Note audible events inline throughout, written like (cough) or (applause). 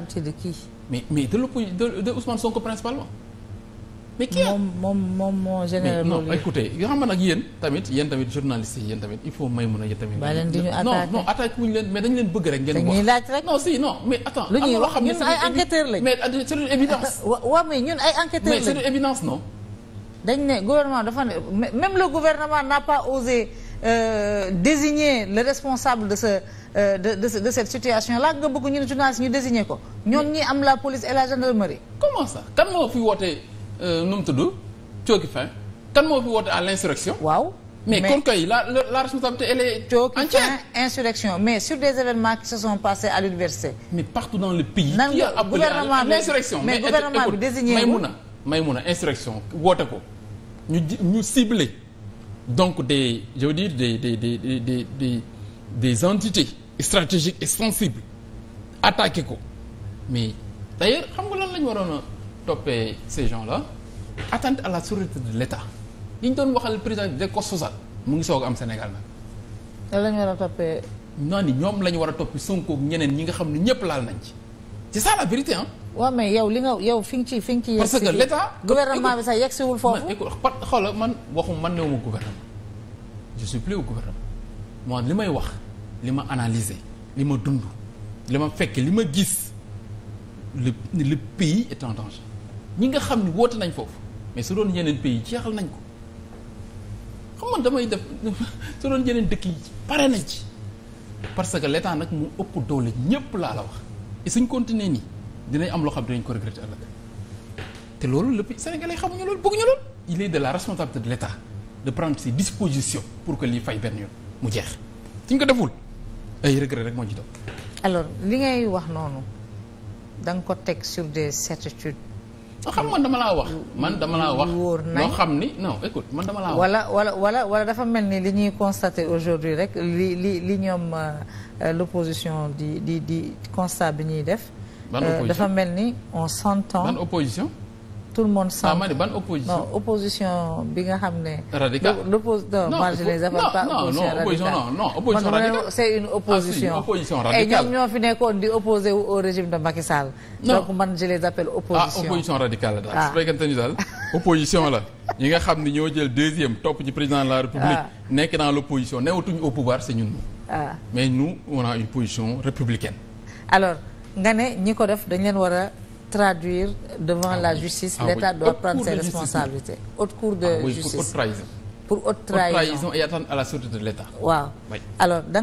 responsabilité de qui. mais mais de l'opposition de, de Ousmane Sonko principalement. mais kii moom moom moom moo général non écoutez nga xam nag yéen tamit yéen tamit journaliste yi yéen tamit il faut may mën a yéen tamit. ba leen di ñu attaqué non non leen mais dañu leen bëgg rek. ngeen wax laaj si non mais. attends lu ñuy wax ñun ay enquêteurs lañ mais c'est une évidence. (laughs) waaw mais ñun ay enquêteurs lañ mais c'est évidence non. dañ ne gouvernement dafa ne même le gouvernement euh, désigner le responsable de ce euh, de de cette situation là nga bëgg ñu ne journaliste ñu désigner ko. ñoom ñi am la police et la gendarmerie. comment ça kan moo fi wootee euh, nu mu tudd cooki fin kan moo fi woote à l' insurrection. waaw mais kon kay la la la responsabilité elle est. cooki fin insurrection mais sur des événements qui se sont passés à l'université mais partout dans le pays. nan nga gouvernement bi mais gouvernement bi désigné wu Maymuna Maymuna insurrection ko ñu ñu ciblé. donc des je veux dire des des des des des des entités stratégiques et sensibles attaqué ko mais d'ailleurs xam nga lan la ñu waroon a toppee ces la attente atteinte à la sûreté de l'État li ñu doon waxal président de code mu ngi soog am Sénégal nag. lan la ñu a toppee. naa ni ñoom la ñu war a toppi Sonko ñeneen ñi nga xam ne ñëpp laal nañ ci c'est ça la vérité ah. waaw mais yow li nga yow fi nga ci fi nga ci parce que l' état gouvernement bi sax yegsiwul foofu xoolal man waxum man newuma gouvernement je suis plus au gouvernement moi li may wax li ma analyser li ma dund li ma fekk li ma gis le le ñi nga xam ne woote nañ foofu mais su yeneen pays jeexal nañ ko damay def (laughs) su doon dëkk yi pare nañ ci parce que leta état nag mu ëpp doole ñépp laa la wax et suñ continuer nii dinañ am loo xam dinañ ko regretter ëllëg te loolu lépp Sénégalais xamuñu loolu ñu loolu. il est de la responsabilité de l'État de prendre ses dispositions pour que lii fay benn yoon mu jeex suñ ko deful ay regret rek moo ci topp. alors li ngay wax noonu da ko teg sur des certitudes. Oh, xam man dama laa wax man dama laa wax loo xam ni no écoute man dama laa wax. wala wala wala wala dafa mel ni li ñuy constater aujourd'hui rek li li li ñoom euh, euh, l'opposition di di di constat bi ñuy def. Euh, dafa mel ni on s'entend. ban opposition. tout le monde s'entend. ah ma ne ban opposition. opposition bi nga xam ne. radicale non opposition non non opposition radicale c'est une ah, opposition. opposition radicale et nekkoon di opposé de Macky Sall. donc man je les appelle ah, opposition. ah la daal su fekkente ni daal opposition la. ñi nga xam ne ñoo jël deuxième topp ci président de la république. Ah. nekk dans l'opposition newatuñu au pouvoir c'est ñun. mais nous on a une républicaine. alors. nga ne ñi ko def dañ leen war a traduire devant la ah justice ah l'État doit prendre ses responsabilités haute cour de ah justice pour haute trahison et atteinte à la sûreté de l'État waaw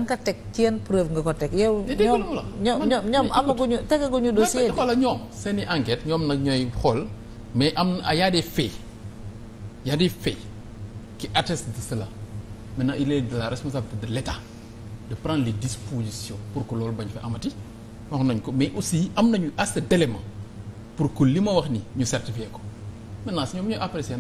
ko teg ci yenn preuve nga ko teg yow ñoom ñoom ñoom amaguñu tegaguñu dossier xoola ñoom seen i ñoom nag ñooy xool mais am na y a des faits y a des faits qui attestent de cela maintenant il est les dispositions pour que loolu bañ fa amati wax nañ ko mais aussi am nañu assez d'éléments pour que li ma wax ni ñu certifier ko maintenant si ñoom ñooy apprécier